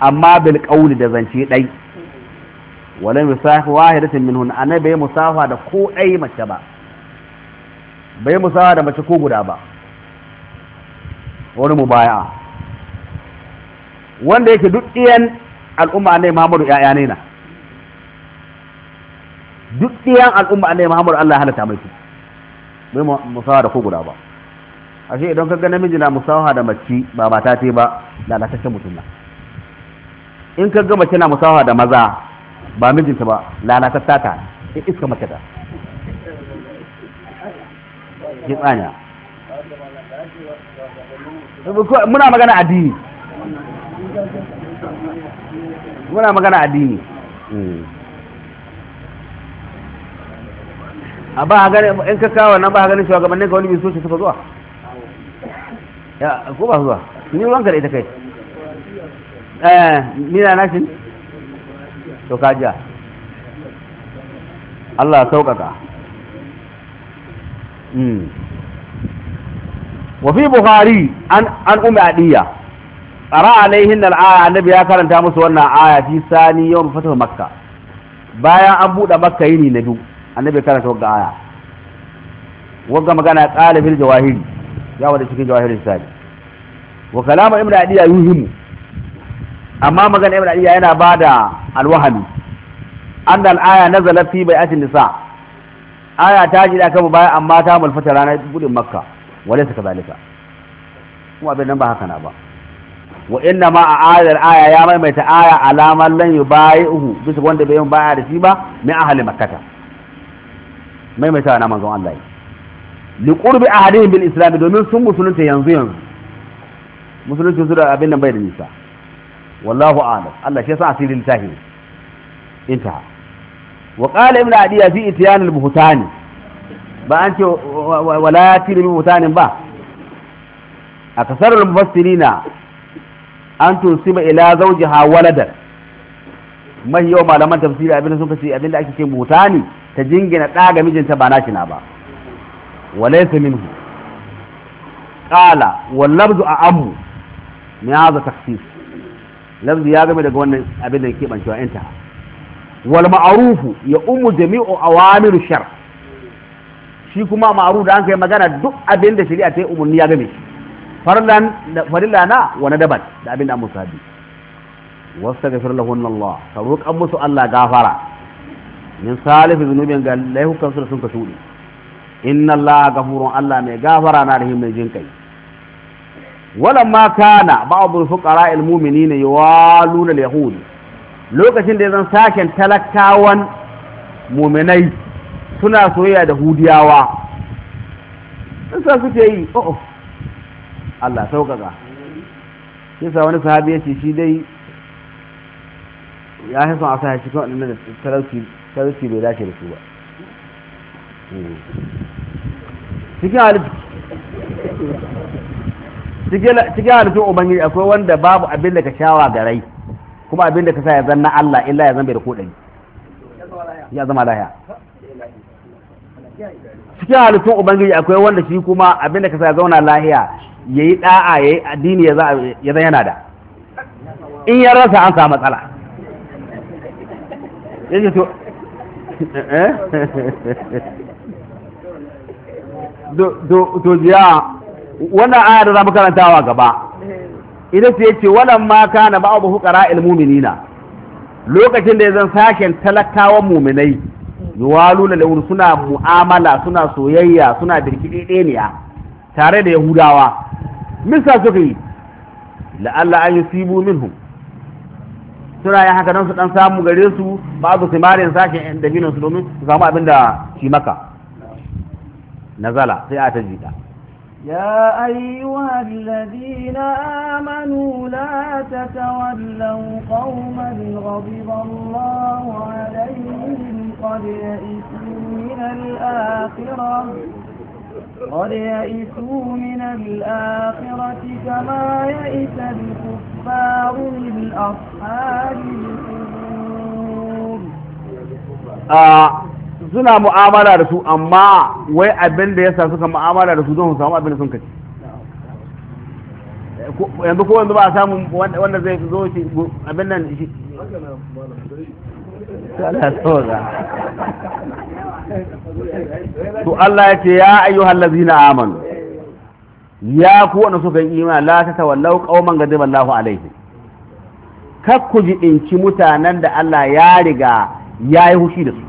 amma bil qauli da zance dai wala musafa wahidatin minhun annabi bai musafa da ko dai mace ba bai musafa da mace ko guda ba wani mubaya wanda yake duk iyan al'umma ne Muhammadu ya'ya ne na duk iyan al'umma ne Muhammadu Allah ya halatta mai su bai musawa da ko guda ba ashe idan ka ga namiji na musawa da mace ba mata ce ba lalatacce mutum na in ka ga mace na musawa da maza ba mijinta ba lalatatta ta in iska mace ta ki tsanya muna magana addini muna magana addini hmm. a ba a gani in ka kawo nan ba a ganin shugabannin ka wani bisu su suka zuwa ya ko ba zuwa ni ruwanka da ita kai eh ni na nashin to ka ja Allah hmm. wa wafi buhari an umi adiya ƙara alaihin al'aya annabi ya karanta musu wannan aya fi sani yawan fata makka bayan an buɗe makka yini na biyu annabi karanta wagga aya wagga magana qalibul jawahiri ya wada cikin jawahiri sadi wa kalamu ibnu adiya yuhimu amma magana ibnu adiya yana bada alwahami anna al-aya nazalat fi bai'atin nisa aya ta ji da kama baya amma ta mulfata ranar gudun makka walaysa kadhalika kuma abin nan ba haka na ba wa inna ma a ayar aya ya maimaita aya alamar lan yubayi'uhu bisa wanda bai yin baya da shi ba min ahli makkata maimaita na manzon Allah li qurbi ahadin bil islam domin sun musulunta yanzu yanzu musulunci su da abin nan bai da nisa wallahu a'lam Allah shi yasa asirin tahi inta wa qala ibn adiya fi itiyan al buhtan ba an ce wala yatir bi buhtanin ba akasarul mufassirina an tusiba ila zawjiha waladan mai yau malaman tafsiri abin da suka ce abin da ake ce buhtani ta jingina ɗa ga mijinta ba na na ba walaysa minhu qala wal a amu min hadha takhsis ya game daga wannan abin da yake bancewa inta wal ya ummu jami'u awamiru shar shi kuma ma'ruf da an kai magana duk abin da shari'a ta yi umarni ya game shi farlan farilla na wa na daban da abin da an musabi wastaghfir lahunna Allah ka roƙan musu Allah gafara min salif zunubin ga laihukan su da sun ka shuɗe inna Allah gafurun Allah mai gafara na rahim mai jin kai walamma kana ba'dul fuqara al mu'minina yawaluna al yahud lokacin da zan saken talakawan mu'minai suna soyayya da hudiyawa sa suke yi oh, oh Allah sauƙaƙa yasa wani sahabi ya ce shi dai ya fi a sa cikin waɗannan talauci sarki bai dace da su ba cikin halittu cikin halittun ubangiji akwai wanda babu abin da ka shawa ga rai kuma abin da ka sa ya zanna Allah illa ya zama da kodari ya zama lahiya cikin halittun ubangiji akwai wanda shi kuma abin da ka sa ya zauna lahiya ya yi da'a ya yi addini ya zan yana da in ya rasa an samu matsala to to jiya wannan aya da za mu karantawa gaba ita ce ce wannan ma kana ba abu hukara ilmuminina lokacin da ya zan sake talaktawan muminai yuwalu la suna mu'amala suna soyayya suna deniya tare da yahudawa misa suka yi la'alla an yi minhum suna yin haka don su dan samu gare su ba su simarin sashen su domin su samu abin da shi maka nazala sai a ta jida يا أيها الذين آمنوا لا تتولوا قوما غضب الله عليهم قد يئسوا من الآخرة قد يئسوا من الآخرة كما يئس الكفار من أصحاب القبور suna mu'amala da su amma wai abin da yasa suka mu'amala da su don samu abin da sun kaci yanzu ko yanzu ba a samu wanda zai zo shi abin nan shi to Allah ya ce ya ayyuhal ladzina amanu ya ku wanda suka yi imani la ta tawallau qauman ghadiba Allahu alaihi kak ku jibinci mutanen da Allah ya riga ya yi hushi da su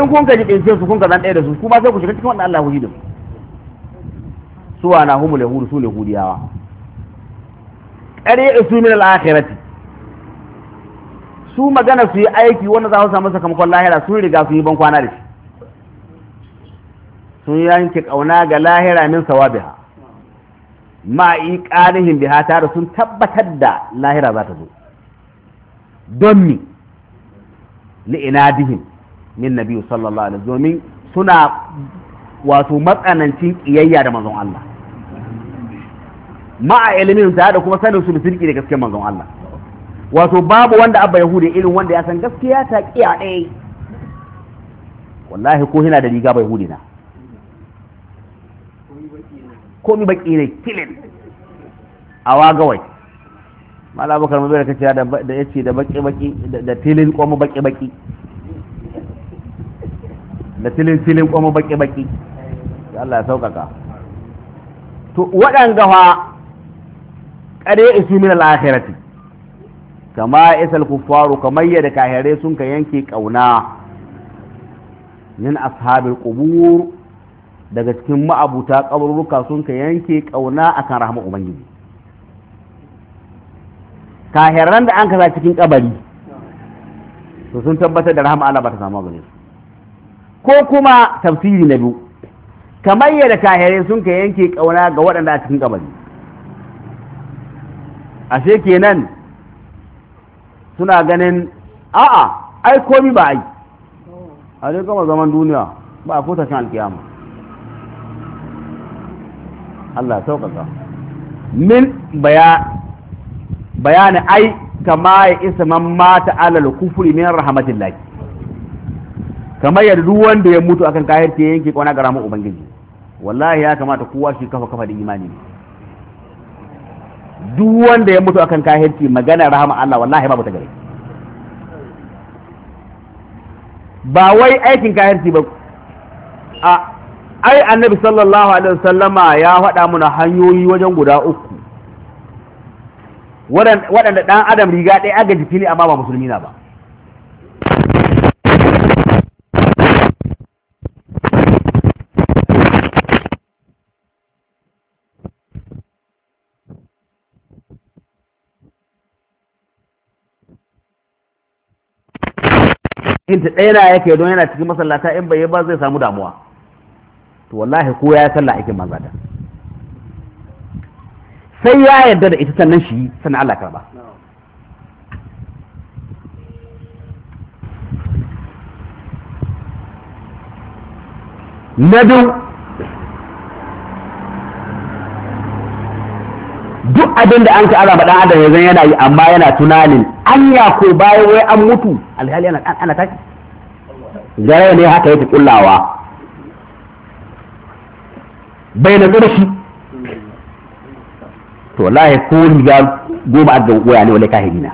in kun ka jibince su kun ka zan ɗaya da su kuma sai ku shiga cikin wanda Allah hushi da su suwa na humul yahudu su ne hudiyawa ƙari su min al-akhirati su magana su yi aiki wanda za su samu sakamakon lahira sun riga sun yi ban kwana da shi sun yanke kauna ga lahira min sawabiha ma yi ƙarihin biha tare sun tabbatar da lahira za ta zo don ni, mi li'inadihim min nabi sallallahu alaihi domin suna wato matsanancin kiyayya da manzon Allah ma'a ilimin tare da kuma sanin su da sirki da gaske manzon Allah wato babu wanda abba yahudi irin wanda ya san gaskiya ta kiya ɗaya wallahi ko yana da riga bai hudu na Ko mi baki ne kilin a wagawai mala abokan mabai da kace da ya ce da baki baki da tilin kwamu baki baki da tilin tilin kwamu baki baki Allah ya sauƙaƙa to waɗanga fa ƙare isi min al-akhirati kama isal kuffaru kamar yadda kahirai sun ka yanke kauna min ashabil qubur daga cikin ma'abuta kaburruka sun ka yanke kauna akan rahama ubangiji kahiran da an kaza cikin kabari to sun tabbatar da rahama Allah ba ta samu gare su ko kuma tafsiri na biyu kamar yadda kahirai sun ka yanke kauna ga waɗanda a cikin kabari ashe kenan suna ganin a'a ai komi ba ai a dai kama zaman duniya ba a kusa shan alkiyama Allah sauƙaƙa min bayani ai kama ya isa man mata alal kufuri min laki kamar yadda duk wanda ya mutu akan kayar ke yanke kwana ga ramin ubangiji wallahi ya kamata kowa shi kafa kafa da imani ne duk wanda ya mutu akan kahirci magana rahama Allah wallahi babu ta gare ba wai aikin kahirci ba a ai annabi sallallahu alaihi wasallama ya faɗa muna hanyoyi wajen guda uku waɗanda ɗan adam riga ɗaya aga jiki ne amma ba musulmi na ba in ta ɗaya na yake don yana cikin masallata in bai ba zai samu damuwa to wallahi ko ya sallah aikin manza da sai ya yarda da ita sannan shi sannan Allah karba na biyu duk abin da an ka azaba dan adam yanzu yana yi amma yana tunanin anya ko bayan wai an mutu alhali ana ana taki gare ne haka yake kullawa bai na shi to wallahi ko riga goma a goya ne wala kahiri na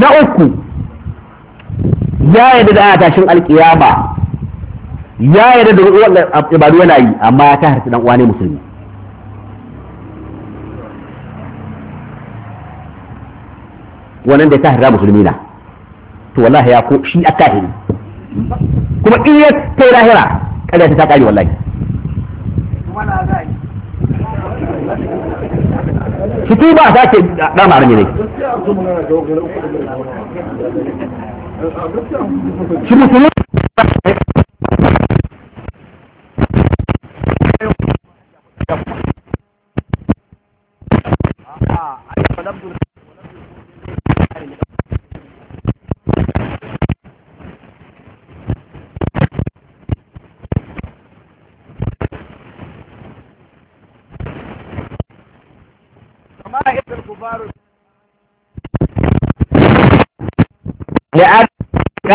na uku ya yarda da ana tashin alkiyama ya yarda da ibadu yana yi amma ya kahirci dan uwa ne musulmi wannan da ya kahirta musulmi na to wallahi ya ko shi a kahiri kuma in ya kai lahira kada ta kare wallahi fito ba za ke dama arme ne shi musulmi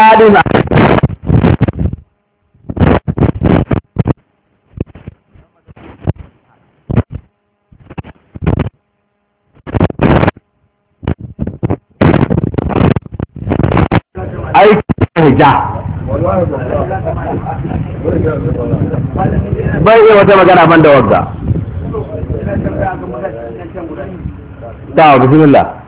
قادمة أي hijab bai iya wata magana ban da wagga ta bismillah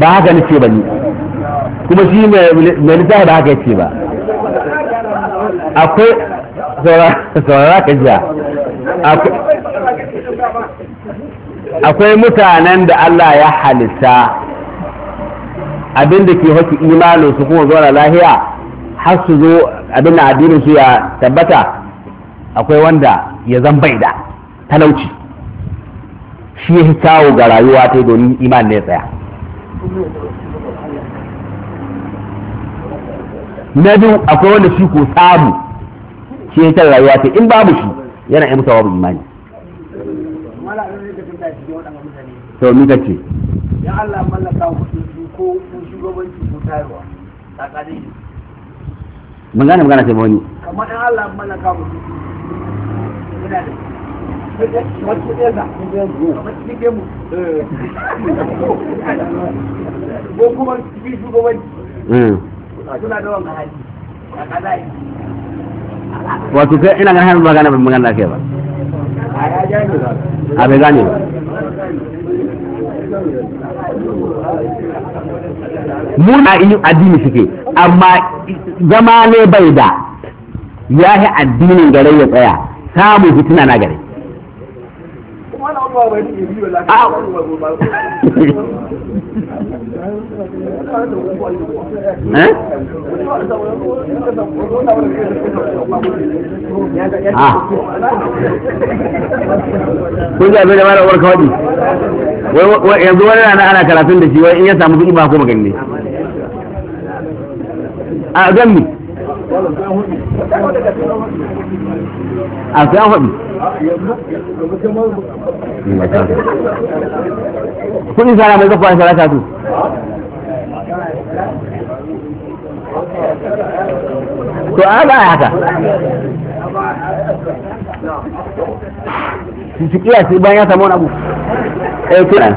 ba haka nace ba ni kuma shi mai littafi ba haka yace ba akwai saurara ka jiya akwai mutanen da Allah ya halitta abinda ke haki imanin su kuma zuwa lahiya har su zo abin da addinin su ya tabbata akwai wanda ya zan bai da talauci shi ya kawo ga rayuwa ta domin iman ne tsaya na biyu akwai wanda shi ko samu shi ya rayuwa ta in babu shi yana yi musawa imani to ni kace ya Allah mallaka ko shugabanci ko tayarwa tsakanin mun gane magana sai mawani kamar Allah mallaka ku yana da Wato kai ina ganin hannun magana ban magana kai ba. A bai gane ba. muna a addini suke, amma zama ne bai da ya yi addinin gare ya tsaya samun fitina na gare. kun ji abin da mara uwar kawai yanzu wani rana ana karatun da shi wai in ya samu kuɗi ba kuma gani a gan mu? a sai an faɗi kuɗin sara mai zafi a sara ta su to a ba haka su su kiyasi bayan ya samu wani abu ɗaya eh, kiran